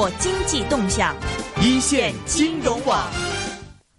我經濟動向，一線金融網。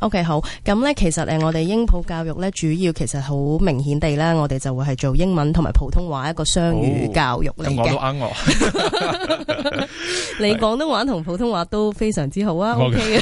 OK，好，咁咧，其實誒，我哋英普教育咧，主要其實好明顯地咧，我哋就會係做英文同埋普通話一個雙語教育嚟嘅，哦。我都啱我， 你廣東話同普通話都非常之好啊，OK。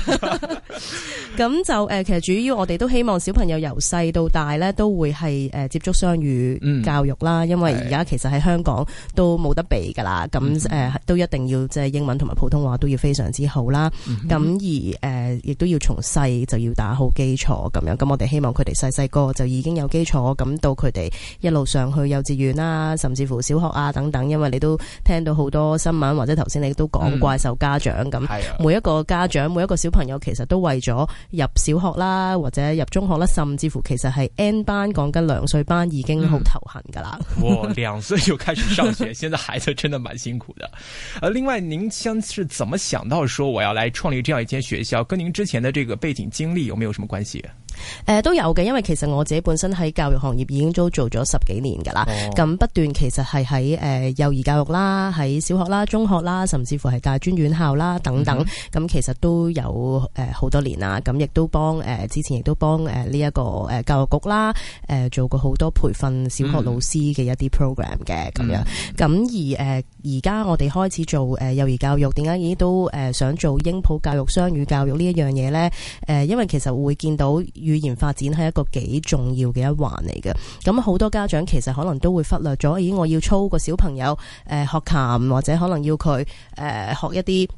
咁就誒、呃，其實主要我哋都希望小朋友由細到大咧，都會係誒、呃、接觸雙語教育啦。嗯、因為而家其實喺香港都冇得避㗎啦。咁誒、嗯哼呃、都一定要即係英文同埋普通話都要非常之好啦。咁、嗯、哼而誒、呃、亦都要從細就要打好基礎咁樣。咁我哋希望佢哋細細個就已經有基礎，咁到佢哋一路上去幼稚園啦，甚至乎小學啊等等。因為你都聽到好多新聞，或者頭先你都講怪獸家長咁，嗯、每一個家長、嗯、每一個小朋友其實都為咗。入小學啦，或者入中學啦，甚至乎其實係 N 班講緊兩歲班已經好頭痕噶啦。我，兩歲就開始上學， 現在孩子真的蠻辛苦的。呃，另外，您先是怎麼想到說我要來創立這樣一間學校，跟您之前的這個背景經歷有沒有什麼關係？誒、呃，都有嘅，因為其實我自己本身喺教育行業已經都做咗十幾年噶啦，咁、oh. 不斷其實係喺誒幼兒教育啦，喺小學啦、中學啦，甚至乎係大專院校啦等等，咁、mm hmm. 其實都有誒好多年啦，咁亦都幫誒之前亦都幫誒呢一個誒教育局啦，誒做過好多培訓小學老師嘅一啲 program 嘅咁、mm hmm. 樣，咁而誒而家我哋開始做誒幼兒教育，點解已經都誒想做英普教育雙語教育呢一樣嘢咧？誒，因為其實會見到。語言發展係一個幾重要嘅一環嚟嘅，咁好多家長其實可能都會忽略咗，咦？我要操個小朋友誒、呃、學琴，或者可能要佢誒、呃、學一啲誒、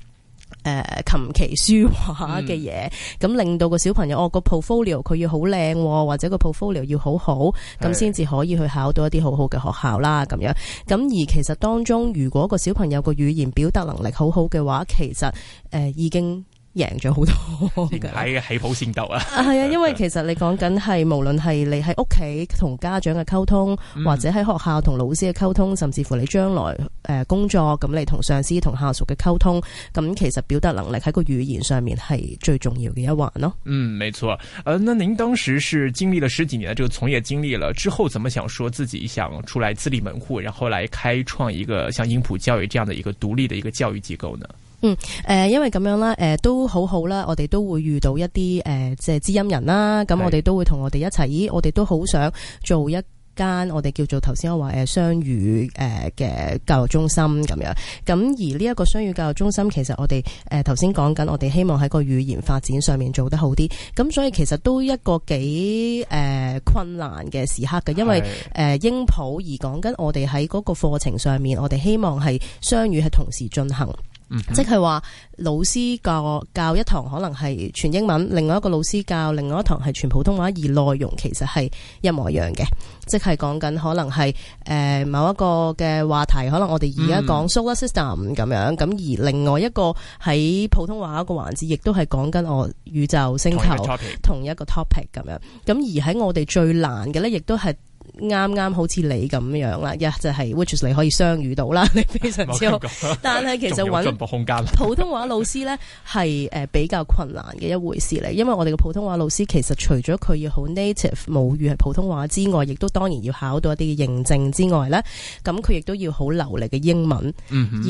呃、琴棋書畫嘅嘢，咁令到個小朋友哦個 portfolio 佢要好靚，或者個 portfolio 要好好，咁先至可以去考到一啲好好嘅學校啦。咁樣，咁而其實當中，如果個小朋友個語言表達能力好好嘅話，其實誒、呃、已經。贏咗好多嘅，喺起跑線度啊！係啊，因為其實你講緊係無論係你喺屋企同家長嘅溝通，嗯、或者喺學校同老師嘅溝通，甚至乎你將來誒工作咁你同上司同下屬嘅溝通，咁其實表達能力喺個語言上面係最重要嘅一環咯。嗯，沒錯。誒、呃，那您當時是經歷了十幾年嘅這個從業經歷，了之後，怎麼想說自己想出來自立門戶，然後來開創一個像英普教育這樣的一個獨立嘅一個教育機構呢？嗯誒、呃，因為咁樣啦，誒、呃、都好好啦。我哋都會遇到一啲誒，即、呃、係知音人啦。咁我哋都會同我哋一齊。咦，是的 我哋都好想做一間我哋叫做頭先我話誒雙語誒嘅、呃、教育中心咁樣。咁而呢一個雙語教育中心，其實我哋誒頭先講緊，我哋希望喺個語言發展上面做得好啲。咁所以其實都一個幾誒、呃、困難嘅時刻嘅，因為誒是的、呃、英普而講緊，我哋喺嗰個課程上面，我哋希望係雙語係同時進行。即係話老師教教一堂可能係全英文，另外一個老師教另外一堂係全普通話，而內容其實係一模一樣嘅。即係講緊可能係誒某一個嘅話題，可能我哋而家講 solar system 咁樣，咁而另外一個喺普通話一個環節，亦都係講緊我宇宙星球同一個 topic 咁樣。咁而喺我哋最難嘅呢，亦都係。.啱啱好似你咁樣啦，一就係 which is 你可以雙語到啦，你非常之好。說但係其實揾普通話老師咧係誒比較困難嘅一回事嚟，因為我哋嘅普通話老師其實除咗佢要好 native 母語係普通話之外，亦都當然要考到一啲嘅認證之外咧，咁佢亦都要好流利嘅英文，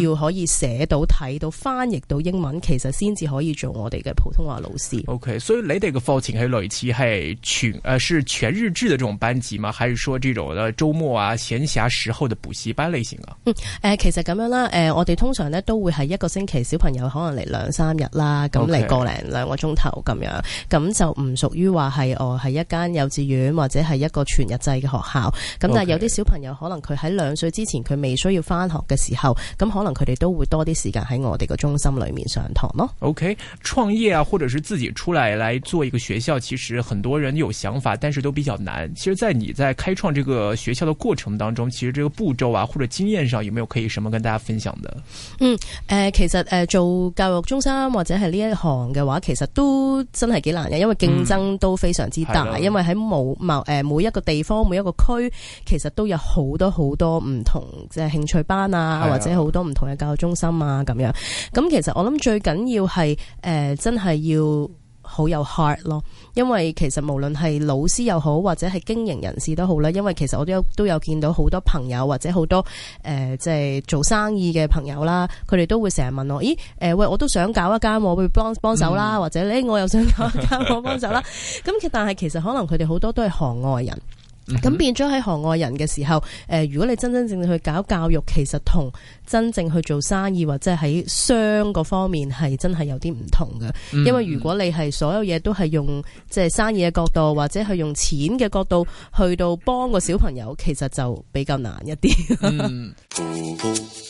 要可以寫到睇到翻譯到英文，其實先至可以做我哋嘅普通話老師。OK，所以你哋嘅課程係類似係全誒是全日制的這種班級嘛？還是？說這種咧周末啊，閒暇時候的補習班類型啊，嗯，誒、呃，其實咁樣啦，誒、呃，我哋通常呢都會係一個星期，小朋友可能嚟兩三日啦，咁嚟 Okay. 個零兩個鐘頭咁樣，咁就唔屬於話係我係一間幼稚園或者係一個全日制嘅學校，咁但係有啲小朋友可能佢喺兩歲之前佢未需要返學嘅時候，咁 Okay. 可能佢哋都會多啲時間喺我哋個中心裏面上堂咯。OK，創業啊，或者是自己出來嚟做一個學校，其實很多人有想法，但是都比較難。其實，在你在開開創這個學校的過程當中，其實這個步驟啊或者經驗上有沒有可以什麼跟大家分享的？嗯，誒、呃，其實誒、呃、做教育中心或者係呢一行嘅話，其實都真係幾難嘅，因為競爭都非常之大。嗯啊、因為喺冇某誒每一個地方每一個區，其實都有好多好多唔同嘅興趣班啊，啊或者好多唔同嘅教育中心啊咁樣。咁、嗯嗯、其實我諗最緊要係誒、呃、真係要。好有 heart 咯，因為其實無論係老師又好，或者係經營人士都好啦，因為其實我都有都有見到好多朋友或者好多誒即係做生意嘅朋友啦，佢哋都會成日問我，咦誒喂、呃，我都想搞一間我會幫幫手啦，嗯、或者咧我又想搞一間我幫手啦，咁 但係其實可能佢哋好多都係行外人。咁、mm hmm. 變咗喺行外人嘅時候，誒，如果你真真正正去搞教育，其實同真正去做生意或者喺商嗰方面係真係有啲唔同嘅，mm hmm. 因為如果你係所有嘢都係用即係生意嘅角度，或者係用錢嘅角度去到幫個小朋友，其實就比較難一啲。 mm hmm.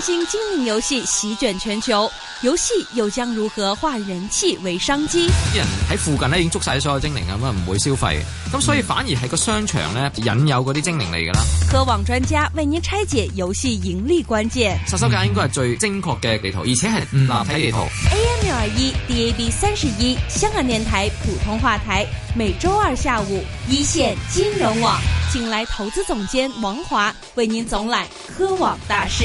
新興精靈遊戲席捲全球，遊戲又將如何化人氣為商機？啲人喺附近咧，已經捉晒所有精靈啊，咁啊唔會消費，咁所以反而係個商場呢，引有嗰啲精靈嚟噶啦。科網專家為您拆解遊戲盈利關鍵。殺手鐧應該係最精確嘅地圖，而且係立體地圖。AM 六二一，DAB 三十一，香港電台普通話台，每周二下午一線金融網，請來投資總監王華為您總攬科網大事。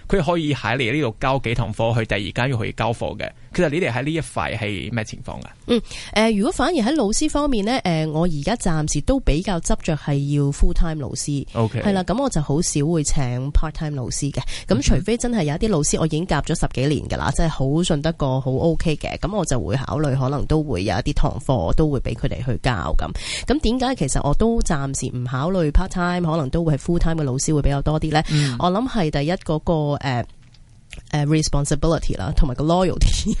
佢可以喺你呢度教幾堂課,課，去第二間要去教課嘅。其實你哋喺呢一塊係咩情況嘅？嗯，誒、呃，如果反而喺老師方面呢，誒、呃，我而家暫時都比較執着係要 full time 老師。O K。係啦，咁我就好少會請 part time 老師嘅。咁除非真係有一啲老師，我已經夾咗十幾年㗎啦，嗯、即係好信得過，好 O K 嘅。咁我就會考慮，可能都會有一啲堂課,課我都會俾佢哋去教咁。咁點解其實我都暫時唔考慮 part time，可能都會係 full time 嘅老師會比較多啲呢。嗯、我諗係第一嗰個,個。誒誒 responsibility 啦，同埋個 loyalty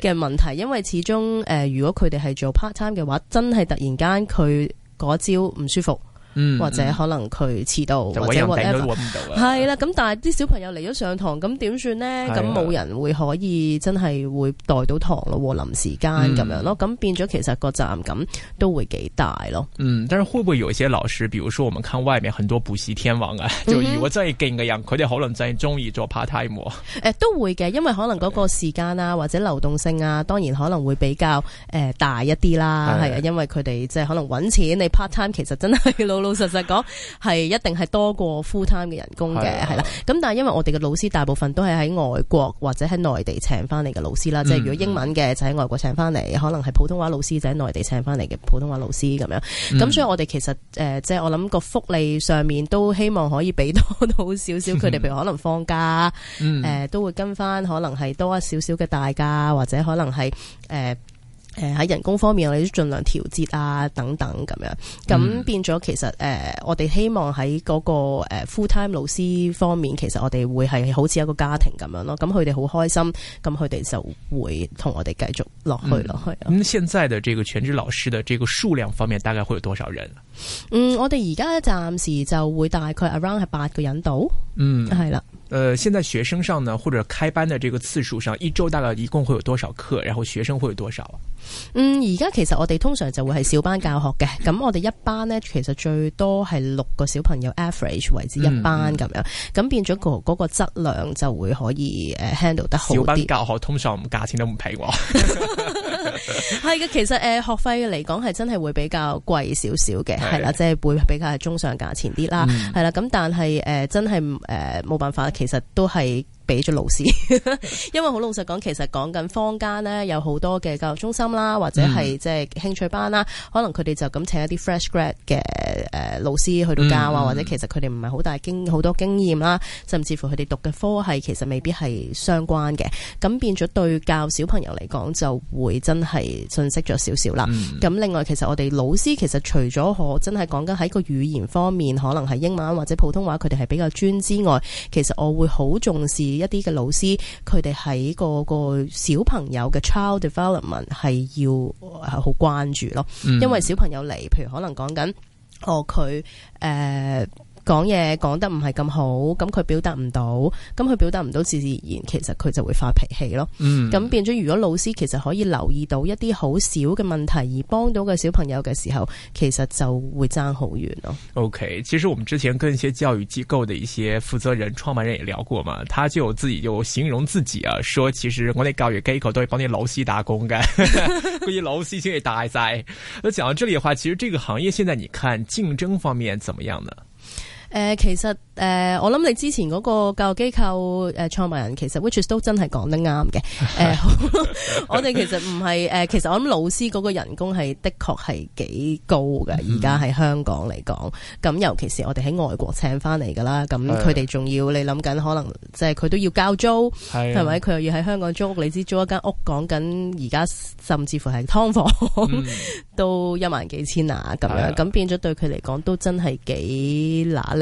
嘅問題，因為始終誒，如果佢哋係做 part time 嘅話，真係突然間佢嗰朝唔舒服。或者可能佢遲到，嗯、或者或者揾唔到，係啦、嗯。咁但係啲小朋友嚟咗上堂，咁點算呢？咁冇了人會可以真係會代到堂咯，和臨時間咁樣咯。咁、嗯、變咗其實個責任感都會幾大咯。嗯，但是會唔會有一些老師，比如說，我們看外面很多補習天王啊，嗯、哼就如果真係勁嘅人，佢哋可能真係鍾意做 part time。誒、欸、都會嘅，因為可能嗰個時間啊，了或者流動性啊，當然可能會比較誒、呃、大一啲啦。係啊了，因為佢哋即係可能揾錢，你 part time 其實真係老老實實講，係一定係多過 full time 嘅人工嘅，係啦是、啊。咁但係因為我哋嘅老師大部分都係喺外國或者喺內地請翻嚟嘅老師啦，即係、嗯、如果英文嘅就喺外國請翻嚟，嗯、可能係普通話老師就喺、是、內地請翻嚟嘅普通話老師咁樣。咁、嗯、所以我哋其實誒，即、呃、係我諗個福利上面都希望可以俾多到少少佢哋，譬如可能放假，誒、嗯呃、都會跟翻，可能係多一少少嘅大假，或者可能係誒。呃誒喺、呃、人工方面我哋都盡量調節啊等等咁樣，咁變咗其實誒、呃、我哋希望喺嗰、那個誒、呃、full time 老師方面，其實我哋會係好似一個家庭咁樣咯，咁佢哋好開心，咁佢哋就會同我哋繼續落去咯、啊。咁、嗯嗯、現在的這個全職老師的這個數量方面，大概會有多少人、啊？嗯，我哋而家暫時就會大概 around 係八個人度，嗯係啦。呃，現在學生上呢，或者開班的這個次數上，一周大概一共會有多少課？然後學生會有多少啊？嗯，而家其實我哋通常就會係小班教學嘅，咁我哋一班呢，其實最多係六個小朋友 average 為之一班咁樣，咁、嗯嗯、變咗個嗰個質量就會可以誒 handle 得好啲。小班教學通常價錢都唔平喎。 係嘅， 其實誒、呃、學費嚟講係真係會比較貴少少嘅，係啦的，即係會比較係中上價錢啲啦，係啦、嗯，咁但係誒、呃、真係誒冇辦法，其實都係。俾咗老師， 因為好老實講，其實講緊坊間咧有好多嘅教育中心啦，或者係即係興趣班啦，mm hmm. 可能佢哋就咁請一啲 fresh grad 嘅誒老師去到教啊，mm hmm. 或者其實佢哋唔係好大經好多經驗啦，甚至乎佢哋讀嘅科係其實未必係相關嘅，咁變咗對教小朋友嚟講就會真係信息咗少少啦。咁、mm hmm. 另外，其實我哋老師其實除咗可真係講緊喺個語言方面，可能係英文或者普通話，佢哋係比較專之外，其實我會好重視。一啲嘅老師，佢哋喺嗰個小朋友嘅 child development 係要係好關注咯，嗯、因為小朋友嚟，譬如可能講緊哦佢誒。講嘢講得唔係咁好，咁佢表達唔到，咁佢表達唔到，自自然然其實佢就會發脾氣咯。咁、嗯、變咗，如果老師其實可以留意到一啲好少嘅問題而幫到個小朋友嘅時候，其實就會爭好遠咯。OK，其實我們之前跟一些教育機構的一些負責人、創辦人也聊過嘛，他就自己就形容自己啊，說其實我哋教育機構都係幫啲老師打工嘅，嗰啲 老師先係大晒。講到這裏嘅話，其實這個行業現在你看競爭方面怎麼樣呢？誒、呃，其實誒、呃，我諗你之前嗰個教育機構誒，創、呃、辦人其實 which 都真係講得啱嘅。誒、呃， 我哋其實唔係誒，其實我諗老師嗰個人工係的確係幾高嘅，而家喺香港嚟講，咁尤其是我哋喺外國請翻嚟噶啦，咁佢哋仲要的你諗緊，可能即係佢都要交租，係咪的？佢又要喺香港租屋，你知租一間屋，講緊而家甚至乎係劏房、嗯、都一萬幾千啊，咁樣，咁的變咗對佢嚟講都真係幾難。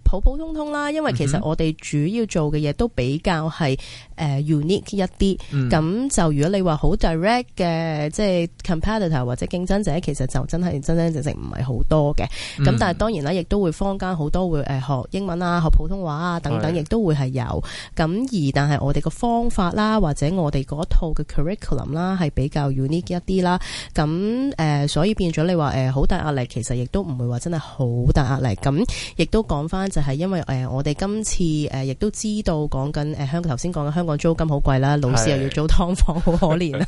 普普通通啦，因為其實我哋主要做嘅嘢都比較係誒、呃、unique 一啲，咁、嗯、就如果你話好 direct 嘅，即係 competitor 或者競爭者，其實就真係真真正正唔係好多嘅。咁、嗯、但係當然啦，亦都會坊間好多會誒學英文啊、學普通話啊等等，亦都會係有。咁而但係我哋個方法啦，或者我哋套嘅 curriculum 啦，係比較 unique 一啲啦。咁誒、呃、所以變咗你話誒好大壓力，其實亦都唔會話真係好大壓力。咁亦都講翻就是。係因為誒，我哋今次誒亦都知道講緊誒，香頭先講嘅香港租金好貴啦，老師又要租劏房，好可憐啦。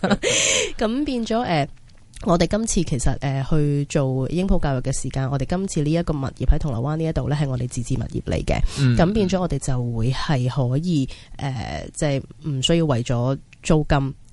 咁 變咗誒、呃，我哋今次其實誒、呃、去做英普教育嘅時間，我哋今次呢一個物業喺銅鑼灣呢一度咧，係我哋自置物業嚟嘅。咁、嗯、變咗我哋就會係可以誒，即係唔需要為咗租金。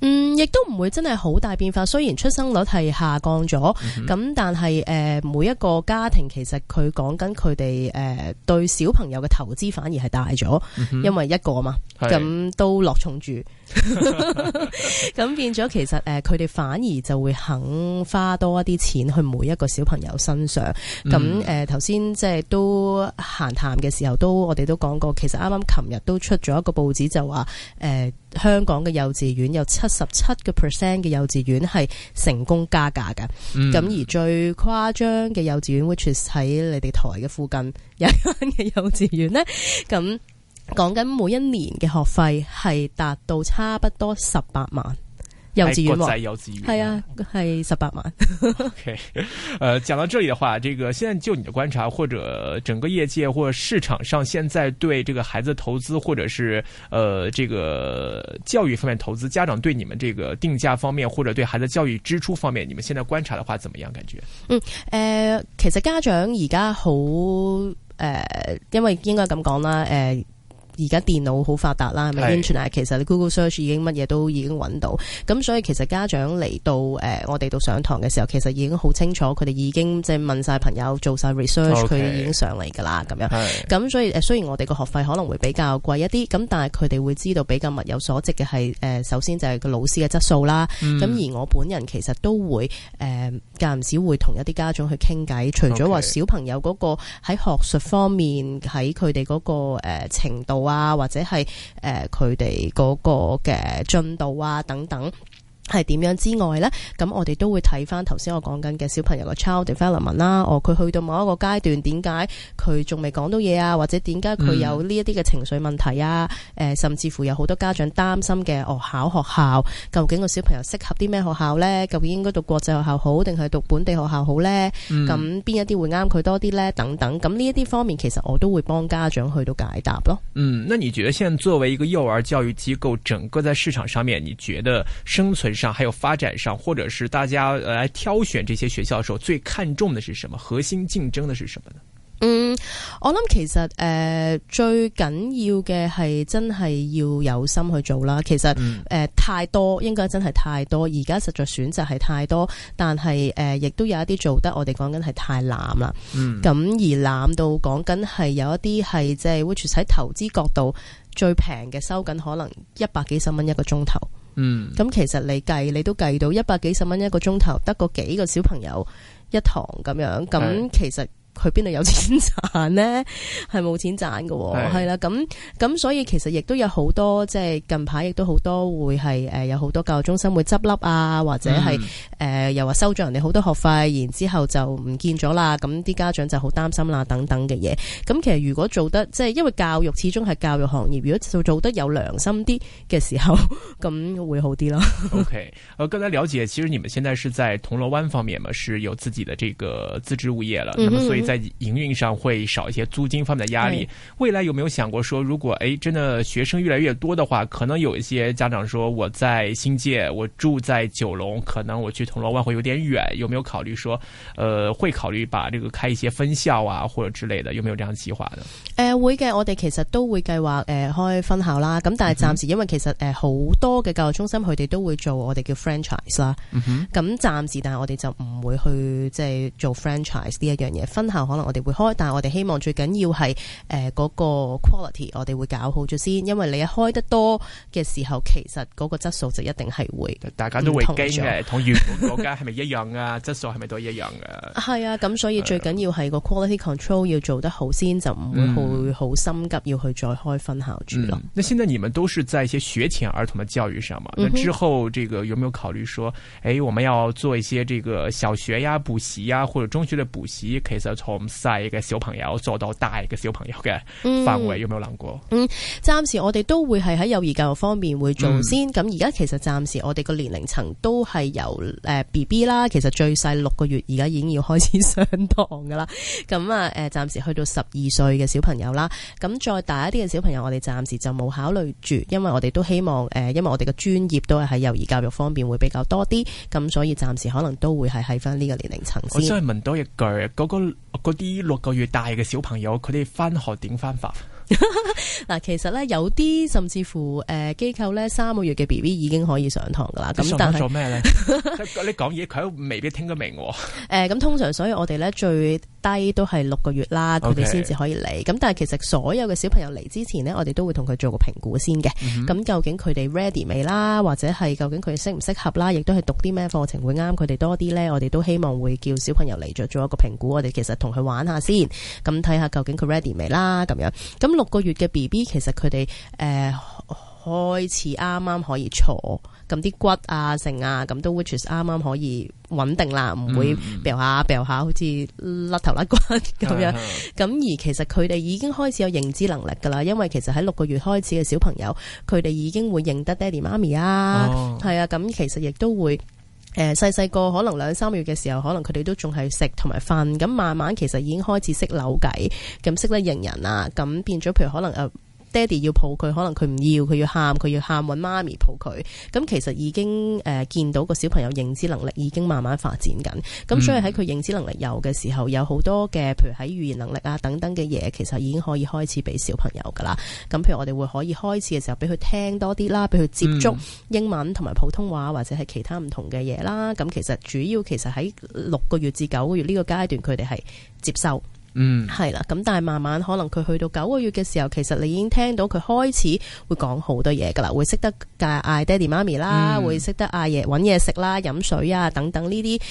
嗯，亦都唔會真係好大變化。雖然出生率係下降咗，咁、嗯、哼但係誒、呃，每一個家庭其實佢講緊佢哋誒對小朋友嘅投資反而係大咗，嗯、哼因為一個嘛，咁是都落重注。咁 變咗其實誒，佢、呃、哋反而就會肯花多一啲錢去每一個小朋友身上。咁誒、嗯，頭先即係都閒談嘅時候，都我哋都講過，其實啱啱琴日都出咗一個報紙就話誒。呃香港嘅幼稚園有七十七個 percent 嘅幼稚園係成功加價嘅，咁、嗯、而最誇張嘅幼稚園，which is 喺你哋台嘅附近有一間嘅幼稚園呢。咁講緊每一年嘅學費係達到差不多十八萬。幼稚園，國際幼稚園，係啊，係十八萬。 K，、okay. 誒、呃，講到這裏的話，這個現在就你的觀察，或者整個業界或者市場上，現在對這個孩子投資，或者是，呃這個教育方面投資，家長對你們這個定價方面，或者對孩子教育支出方面，你們現在觀察的話，怎麼樣？感覺？嗯，呃其實家長而家好，呃因為應該咁講啦，呃而家電腦好發達啦，係咪 i n t e r n e 其實你 Google search 已經乜嘢都已經揾到，咁是的 所以其實家長嚟到誒、呃、我哋到上堂嘅時候，其實已經好清楚，佢哋已經即係問晒朋友做晒 research，佢 Okay 已經上嚟㗎啦，咁樣。咁是的 所以誒，雖然我哋個學費可能會比較貴一啲，咁但係佢哋會知道比較物有所值嘅係誒首先就係個老師嘅質素啦。咁、嗯、而我本人其實都會誒間唔時會同一啲家長去傾偈，除咗話小朋友那個喺學術方面喺佢哋個誒、呃、程度啊。啊，或者係誒，佢哋嗰個嘅進度啊，等等，係點樣之外呢？咁我哋都會睇翻頭先我講緊嘅小朋友嘅 child development 啦。哦，佢去到某一個階段，點解佢仲未講到嘢啊？或者點解佢有呢一啲嘅情緒問題啊？誒、嗯，甚至乎有好多家長擔心嘅，哦，考學校究竟個小朋友適合啲咩學校呢？究竟應該讀國際學校好定係讀本地學校好呢？嗯，咁邊一啲會啱佢多啲呢？等等。咁呢一啲方面，其實我都會幫家長去到解答咯。嗯，那你覺得現在作為一個幼兒教育機構，整個在市場上面，你覺得生存？上還有發展上，或者是大家來挑選這些學校的時候，最看重的是什麼？核心競爭的是什麼呢？嗯，我諗其實誒、呃、最緊要嘅係真係要有心去做啦。其實誒、呃、太多，應該真係太多。而家實在選擇係太多，但係誒、呃、亦都有一啲做得我哋講緊係太濫啦。咁、嗯、而濫到講緊係有一啲係即係會住喺投資角度最平嘅，收緊可能一百幾十蚊一個鐘頭。嗯，咁其實你計你都計到一百幾十蚊一個鐘頭，得個幾個小朋友一堂咁樣，咁其實。去邊度有錢賺呢？係冇錢賺嘅喎、哦，係啦的，咁咁所以其實亦都有好多即係近排亦都好多會係、呃、有好多教育中心會執笠啊，或者係誒、嗯呃、又話收咗人哋好多學費，然之後就唔見咗啦，咁啲家長就好擔心啦，等等嘅嘢。咁其實如果做得即係因為教育始終係教育行業，如果做做得有良心啲嘅時候，咁 會好啲咯 okay.、呃。OK，剛才了解，其實你們現在是在銅鑼灣方面嘛，是有自己的這個自置物業了，嗯哼嗯哼在營運上會少一些租金方面的壓力。未來有沒有想過說，如果真的學生越來越多的話，可能有一些家長說，我在新界，我住在九龍，可能我去銅鑼灣會有點遠。有沒有考慮說，呃，會考慮把這個開一些分校啊或者之類的？有沒有這樣的計劃呢？呃會嘅，我哋其實都會計劃呃開分校啦。咁但係暫時因為其實呃好、呃、多嘅教育中心佢哋都會做我哋叫 franchise 啦。咁暫、嗯、哼時但係我哋就唔會去即係做 franchise 呢一樣嘢分校。可能我哋會開，但係我哋希望最緊要係誒嗰個 quality，我哋會搞好咗先。因為你一開得多嘅時候，其實嗰個質素就一定係會。大家都會驚嘅，同原本嗰間係咪一樣啊？質 素係咪都一樣嘅？係啊，咁、啊、所以最緊要係個 quality control 要做得好先，就唔會好心急要去再開分校住咯、嗯嗯。那現在你們都是在一些學前兒童的教育上嘛？嗯、哼之後這個有沒有考慮說，誒、欸，我們要做一些這個小學呀補習呀，或者中學嘅補習，其實。從細嘅小朋友做到大嘅小朋友嘅範圍有冇諗過？嗯，暫時我哋都會係喺幼兒教育方面會做先。咁而家其實暫時我哋個年齡層都係由誒 B B 啦，其實最細六個月，而家已經要開始上堂噶啦。咁啊，誒暫時去到十二歲嘅小朋友啦。咁再大一啲嘅小朋友，我哋暫時就冇考慮住，因為我哋都希望誒，因為我哋嘅專業都係喺幼兒教育方面會比較多啲。咁所以暫時可能都會係喺翻呢個年齡層先。我想係問多一句，嗰個。嗰啲六個月大嘅小朋友，佢哋返學點返法？嗱， 其實咧有啲甚至乎誒機構咧三個月嘅 B B 已經可以上堂噶啦。咁但係做咩咧？你講嘢佢都未必聽得明。誒 、呃，咁通常所以我哋咧最低都係六個月啦，佢哋先至可以嚟。咁 Okay. 但係其實所有嘅小朋友嚟之前呢，我哋都會同佢做個評估先嘅。咁、嗯、哼究竟佢哋 ready 未啦，或者係究竟佢適唔適合啦，亦都係讀啲咩課程會啱佢哋多啲呢？我哋都希望會叫小朋友嚟咗做一個評估。我哋其實同佢玩下先，咁睇下究竟佢 ready 未啦。咁樣咁六個月嘅 B B 其實佢哋誒。呃開始啱啱可以坐，咁啲骨啊、剩啊，咁都 which is 啱啱可以穩定啦，唔、嗯、會掉下掉下，好似甩頭甩骨咁樣。咁、嗯嗯嗯、而其實佢哋已經開始有認知能力噶啦，因為其實喺六個月開始嘅小朋友，佢哋已經會認得爹哋媽咪、哦、啊，係啊。咁其實亦都會誒細細個可能兩三個月嘅時候，可能佢哋都仲係食同埋瞓，咁慢慢其實已經開始識扭計，咁識得認人啊，咁變咗譬如可能、呃爹哋要抱佢，可能佢唔要，佢要喊，佢要喊，揾媽咪抱佢。咁其實已經誒見到個小朋友認知能力已經慢慢發展緊。咁、嗯、所以喺佢認知能力有嘅時候，有好多嘅，譬如喺語言能力啊等等嘅嘢，其實已經可以開始俾小朋友噶啦。咁譬如我哋會可以開始嘅時候，俾佢聽多啲啦，俾佢接觸英文同埋普通話或者係其他唔同嘅嘢啦。咁其實主要其實喺六個月至九個月呢個階段，佢哋係接受。嗯，係啦，咁但係慢慢可能佢去到九個月嘅時候，其實你已經聽到佢開始會講好多嘢噶啦，會識得嗌嗌爹哋媽咪啦，嗯、會識得嗌嘢、揾嘢食啦、飲水啊等等呢啲誒，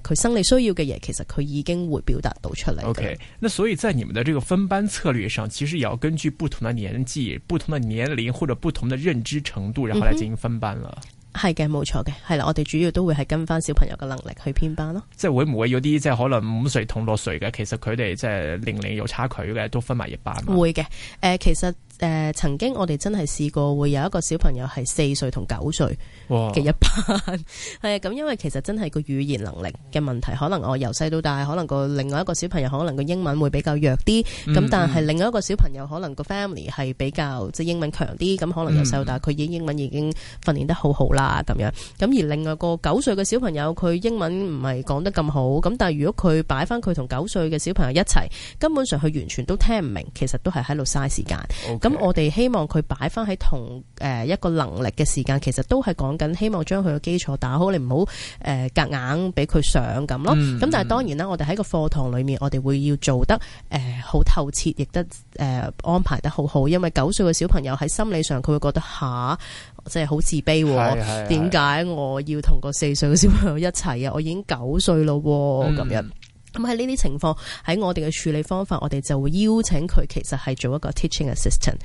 佢、呃、生理需要嘅嘢，其實佢已經會表達到出嚟。Okay，那所以在你們的這個分班策略上，其實也要根據不同的年紀、不同的年齡或者不同的認知程度，然後來進行分班啦。嗯係嘅，冇錯嘅，係啦，我哋主要都會係跟翻小朋友嘅能力去編班咯。即係會唔會有啲即係可能五歲同六歲嘅，其實佢哋即係年齡有差距嘅，都分埋一班？會嘅，誒、呃，其實。誒、呃、曾經我哋真係試過會有一個小朋友係四歲同九歲嘅一班哇，係啊， 咁因為其實真係個語言能力嘅問題，可能我由細到大，可能個另外一個小朋友可能個英文會比較弱啲，咁、嗯嗯、但係另外一個小朋友可能個 family 係比較即、嗯、英文強啲，咁可能由細到大佢已經英文已經訓練得好好啦，咁、嗯、樣，咁而另外個九歲嘅小朋友佢英文唔係講得咁好，咁但係如果佢擺翻佢同九歲嘅小朋友一齊，根本上佢完全都聽唔明，其實都係喺度嘥時間。哦。咁我哋希望佢擺翻喺同誒一個能力嘅時間，其實都係講緊希望將佢嘅基礎打好，你唔好誒夾硬俾佢上咁咯。咁、嗯、但係當然啦，我哋喺個課堂裏面，我哋會要做得誒好、呃、透徹，亦都誒、呃、安排得好好。因為九歲嘅小朋友喺心理上，佢會覺得吓，即係好自卑。點解我要同個四歲嘅小朋友一齊啊？我已經九歲咯咁樣。嗯咁喺呢啲情況，喺我哋嘅處理方法，我哋就會邀請佢，其實係做一個 teaching assistant，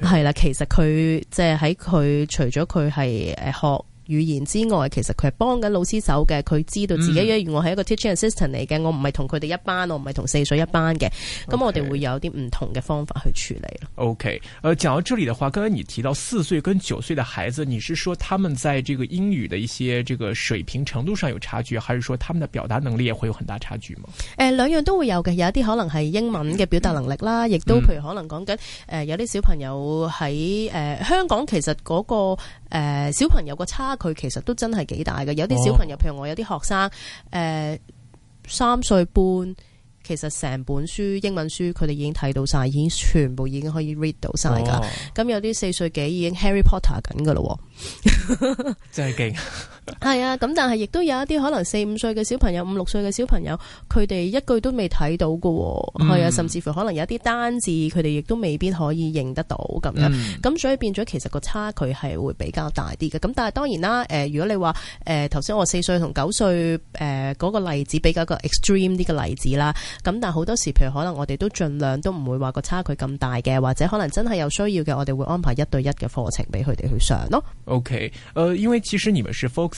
係啦 Okay.，其實佢即係喺佢除咗佢係誒學語言之外，其實佢係幫緊老師手嘅。佢知道自己因為我係一個 teaching assistant 嚟嘅，我唔係同佢哋一班，我唔係同四歲一班嘅。咁我哋會有啲唔同嘅方法去處理啦。OK，誒、okay. 呃，講到這裡的話，剛剛你提到四歲跟九歲嘅孩子，你是說他們在這個英語的一些這個水平程度上有差距，還是說他們的表達能力也會有很大差距嗎？誒、呃，兩樣都會有嘅，有一啲可能係英文嘅表達能力啦，亦都譬如可能講緊、呃、有啲小朋友喺、呃、香港，其實嗰、那個。誒、呃，小朋友個差距其實都真係幾大嘅，有啲小朋友譬如我有啲學生，誒、呃，三歲半，其實成本書英文書佢哋已經睇到晒，已經全部已經可以 read 到晒噶，咁、哦、有啲四歲幾已經 Harry Potter 緊噶咯，哦、 真係勁。係啊，咁但係亦都有一啲可能四五歲嘅小朋友，五六歲嘅小朋友，佢哋一句都未睇到喎。係、嗯、啊，甚至乎可能有一啲單字，佢哋亦都未必可以認得到咁樣。咁、嗯、所以變咗，其實個差距係會比較大啲嘅。咁但係當然啦，誒、呃，如果你話，誒、呃，頭先我四歲同九歲，誒、呃，嗰個例子比較個 extreme 啲嘅例子啦。咁但係好多時，譬如可能我哋都盡量都唔會話個差距咁大嘅，或者可能真係有需要嘅，我哋會安排一對一嘅課程俾佢哋去上咯。OK，誒、呃，因為其實你們是 focus。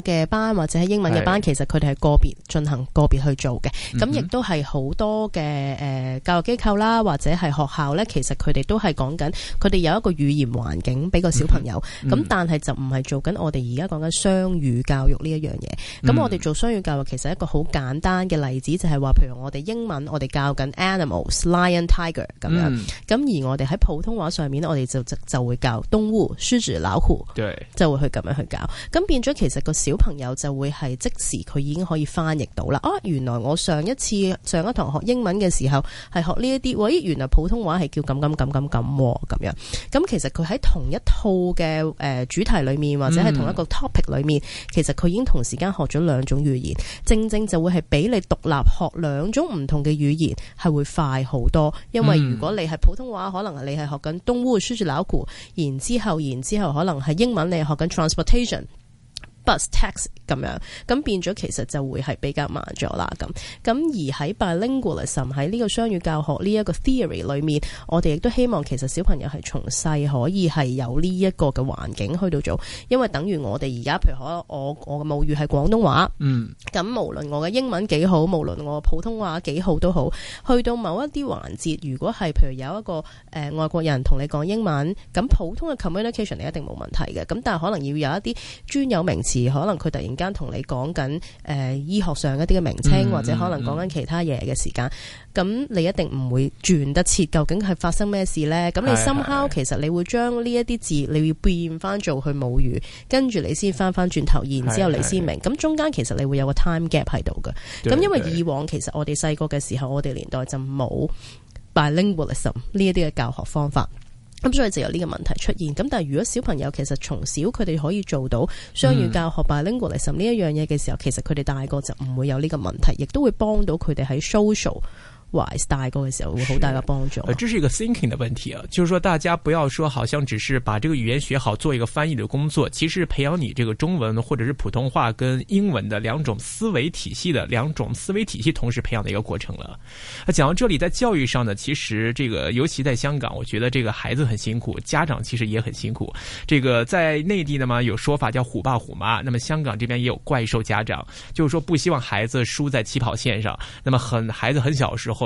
嘅班或者係英文嘅班，其實佢哋係個別進行個別去做嘅，咁亦都係好多嘅誒教育機構啦，或者係學校咧，其實佢哋都係講緊佢哋有一個語言環境俾個小朋友，咁但係就唔係做緊我哋而家講緊雙語教育呢一樣嘢。咁我哋做雙語教育其實一個好簡單嘅例子，就係話譬如我哋英文我哋教緊 animals lion tiger 咁樣，咁而我哋喺普通話上面咧，我哋就就就會教動物、獅子、老虎，對，就會去咁樣去教，咁變咗其實個。小朋友就會係即時，佢已經可以翻譯到啦、啊。原來我上一次上一堂學英文嘅時候係學呢一啲，咦，原來普通話係叫咁咁咁咁咁咁樣。咁其實佢喺同一套嘅誒主題裏面，或者係同一個 topic 裏面，嗯、其實佢已經同時間學咗兩種語言，正正就會係比你獨立學兩種唔同嘅語言係會快好多。因為如果你係普通話，可能你係學緊東烏舒住瑙然之後，然之後可能係英文，你係學緊 transportation。bus tax 咁樣，咁變咗其實就會係比較慢咗啦，咁咁而喺 bilingualism 喺呢個雙語教學呢一個 theory 裏面，我哋亦都希望其實小朋友係從細可以係有呢一個嘅環境去到做，因為等於我哋而家譬如可我我嘅母語係廣東話，嗯，咁無論我嘅英文幾好，無論我嘅普通話幾好都好，去到某一啲環節，如果係譬如有一個、呃、外國人同你講英文，咁普通嘅 communication 你一定冇問題嘅，咁但係可能要有一啲專有名詞。可能佢突然間同你講緊誒醫學上一啲嘅名稱，嗯、或者可能講緊其他嘢嘅時間，咁、嗯、你一定唔會轉得切，究竟係發生咩事呢？咁的你深敲，其實你會將呢一啲字，你要變翻做去母語，跟住你先翻翻轉頭，然之後你先明。咁的中間其實你會有個 time gap 喺度嘅。咁的因為以往其實我哋細個嘅時候，我哋年代就冇 bilingualism 呢一啲嘅教學方法。咁所以就有呢個問題出現，咁但係如果小朋友其實從小佢哋可以做到雙語教學，bilingualism 呢一樣嘢嘅時候，其實佢哋大個就唔會有呢個問題，亦都會幫到佢哋喺 social。大個的時候會好大的幫助。呃，這是一個 thinking 的問題啊，就是說大家不要說好像只是把這個語言學好，做一個翻譯的工作，其實培養你這個中文或者是普通話跟英文的兩種思維體系的兩種思維體系同時培養的一個過程了。那講到這裏，在教育上呢，其實這個尤其在香港，我覺得這個孩子很辛苦，家長其實也很辛苦。這個在內地呢嘛，有說法叫“虎爸虎媽”，那麼香港這邊也有“怪獸家長”，就是說不希望孩子輸在起跑線上。那麼很孩子很小時候。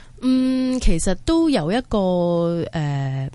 嗯，其實都有一個誒、呃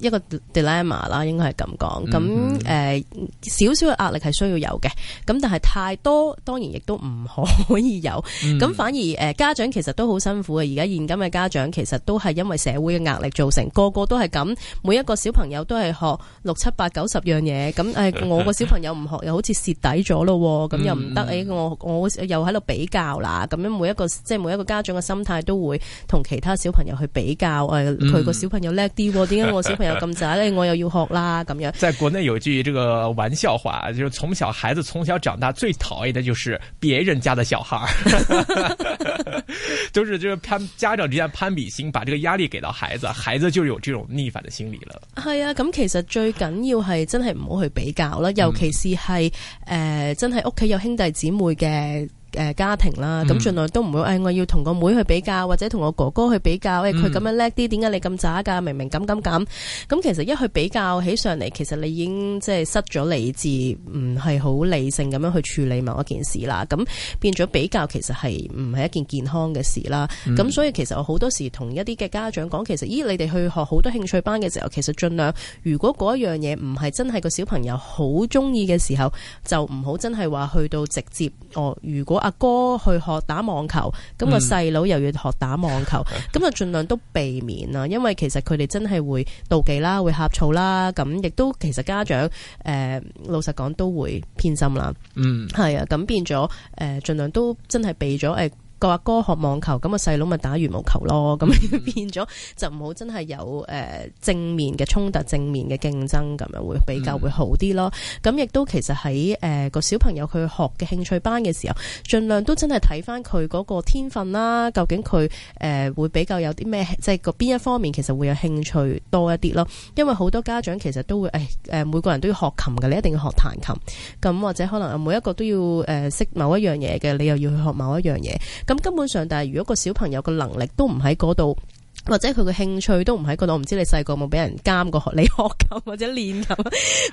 一個 dilemma 啦，應該係咁講。咁誒少少嘅壓力係需要有嘅。咁但係太多當然亦都唔可以有。咁、嗯、反而誒、呃、家長其實都好辛苦嘅。而家現今嘅家長其實都係因為社會嘅壓力造成，個個都係咁。每一個小朋友都係學六七八九十樣嘢。咁誒、哎、我個小朋友唔學 又好似蝕底咗咯。咁又唔得。誒、哎、我我又喺度比較啦。咁樣每一個即係每一個家長嘅心態都會同其他小朋友去比較。誒佢個小朋友叻啲，點解、嗯、我小朋友？咁仔咧，我又要學啦，咁樣。在國內有句這個玩笑話，就從、是、小孩子從小長大最討厭的就是別人家的小孩， 就是就是攀家長之間攀比心，把這個壓力給到孩子，孩子就有這種逆反的心理了。係啊，咁其實最緊要係真係唔好去比較啦，尤其是係誒、嗯呃、真係屋企有兄弟姊妹嘅。誒，家庭啦，咁盡量都唔會誒、嗯哎，我要同個妹妹去比較，或者同我哥哥去比較，喂、嗯哎，佢咁樣叻啲，點解你咁渣噶？明明咁咁咁，咁其實一去比較起上嚟，其實你已經即係失咗理智，唔係好理性咁樣去處理某一件事啦。咁變咗比較，其實係唔係一件健康嘅事啦。咁、嗯、所以其實我好多時同一啲嘅家長講，其實咦，你哋去學好多興趣班嘅時候，其實盡量如果嗰一樣嘢唔係真係個小朋友好中意嘅時候，就唔好真係話去到直接哦，如果。阿哥，哥去學打網球，咁、個細佬又要學打網球，咁、嗯、就盡量都避免啊， 因為其實佢哋真係會妒忌啦，會呷醋啦，咁亦都其實家長誒、呃、老實講都會偏心啦，嗯，係啊，咁變咗誒盡量都真係避咗誒。個阿哥學網球，咁、個細佬咪打羽毛球咯。咁、嗯、變咗就唔好真係有誒正面嘅衝突，正面嘅競爭咁樣會比較會好啲咯。咁亦、嗯、都其實喺誒個小朋友佢學嘅興趣班嘅時候，盡量都真係睇翻佢嗰個天分啦。究竟佢誒、呃、會比較有啲咩，即係個邊一方面其實會有興趣多一啲咯。因為好多家長其實都會誒每個人都要學琴嘅，你一定要學彈琴。咁或者可能每一個都要、呃、識某一樣嘢嘅，你又要去學某一樣嘢。咁根本上，但係如果個小朋友個能力都唔喺嗰度，或者佢嘅興趣都唔喺嗰度。我唔知你細個有冇俾人監過學，你學琴或者練琴。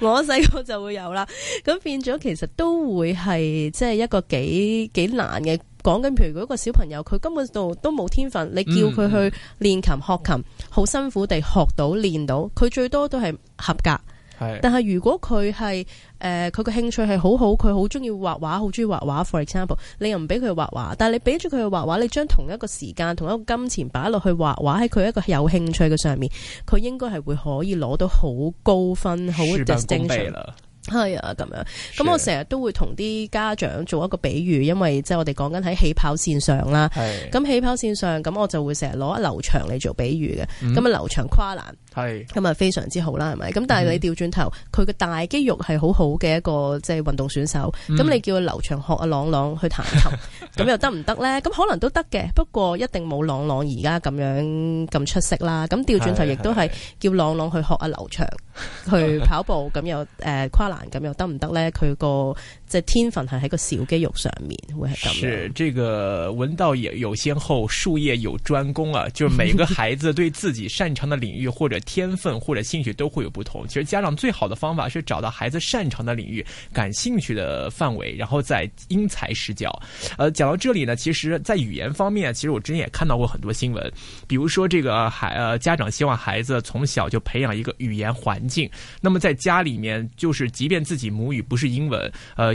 我細個就會有啦。咁變咗其實都會係即係一個幾幾難嘅講緊。譬如如果個小朋友佢根本度都冇天分，你叫佢去練琴、學琴，好辛苦地學到練到，佢最多都係合格。但係如果佢係誒，佢、呃、個興趣係好好，佢好中意畫畫，好中意畫畫。For example，你又唔俾佢畫畫，但係你俾咗佢畫畫，你將同一個時間、同一個金錢擺落去畫畫喺佢一個有興趣嘅上面，佢應該係會可以攞到好高分，好 distinction 啦。係啊，咁、哎、樣，咁我成日都會同啲家長做一個比喻，因為即係我哋講緊喺起跑線上啦。咁起跑線上，咁的我就會成日攞阿劉翔嚟做比喻嘅。咁啊、嗯，劉翔跨欄，咁啊的非常之好啦，係咪？咁但係你調轉頭，佢個、嗯、大肌肉係好好嘅一個即係運動選手。咁、嗯、你叫劉翔學阿朗朗去彈琴，咁 又得唔得呢？咁 可能都得嘅，不過一定冇朗朗而家咁樣咁出色啦。咁調轉頭，亦都係叫朗朗去學阿劉翔去跑步，咁又誒跨咁又得唔得咧？佢個。在天分係喺個小肌肉上面會係咁。是，這個文道也有先後，術業有專攻啊！就是每一個孩子對自己擅長的領域 或者天分或者興趣都會有不同。其實家長最好的方法是找到孩子擅長的領域、感興趣的範圍，然後再因材施教。呃，講到這裏呢，其實在語言方面，其實我之前也看到過很多新聞，比如說這個孩，呃、啊啊，家長希望孩子從小就培養一個語言環境。那麼在家裏面，就是即便自己母語不是英文，呃。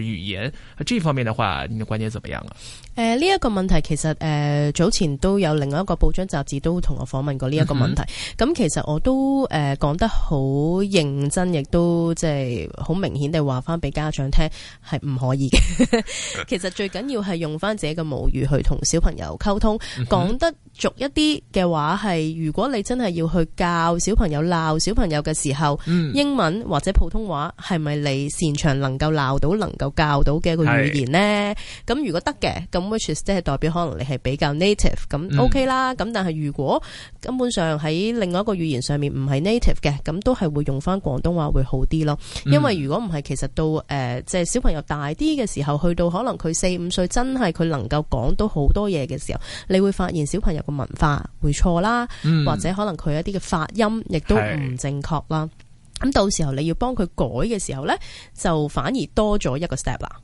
語言，啊，這方面的話，你的觀點怎麼樣啊？誒、呃，呢、這、一個問題其實誒、呃，早前都有另外一個報章雜誌都同我訪問過呢一個問題，咁、嗯、哼其實我都誒、呃、講得好認真，亦都即係好明顯地話翻俾家長聽係唔可以嘅。 其實最緊要係用翻自己嘅母語去同小朋友溝通，嗯、哼講得俗一啲嘅話係，係如果你真係要去教小朋友鬧小朋友嘅時候，嗯、英文或者普通話係咪你擅長能夠鬧到能夠？有教到嘅一個語言呢。咁是如果得嘅，咁 which is 即係代表可能你係比較 native，咁 OK 啦。咁、嗯、但係如果根本上喺另外一個語言上面唔係 native 嘅，咁都係會用翻廣東話會好啲咯。嗯、因為如果唔係，其實到誒即係小朋友大啲嘅時候，去到可能佢四五歲，真係佢能夠講到好多嘢嘅時候，你會發現小朋友個文化會錯啦，嗯、或者可能佢一啲嘅發音亦都唔正確啦。咁到時候你要幫佢改嘅時候咧，就反而多咗一個 step 啦。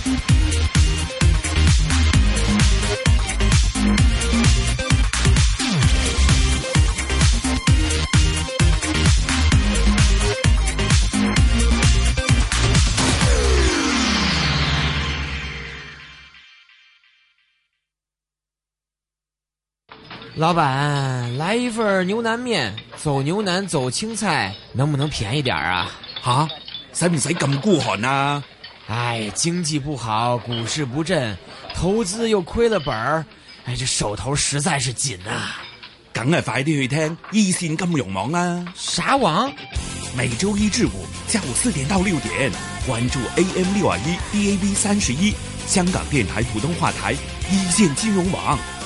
老闆，來一份牛腩麵，走牛腩，走青菜，能不能便宜點啊？哈，使唔使咁孤寒啊？才才這麼顧好呢，哎，經濟不好，股市不振，投資又虧了本兒，哎，這手頭實在是緊呐。梗係快啲去聽一線金融網啊！啥網？啊、王每周一至五下午四點到六點，關注 AM 六二一 DAB 三十一香港電台普通話台一線金融網。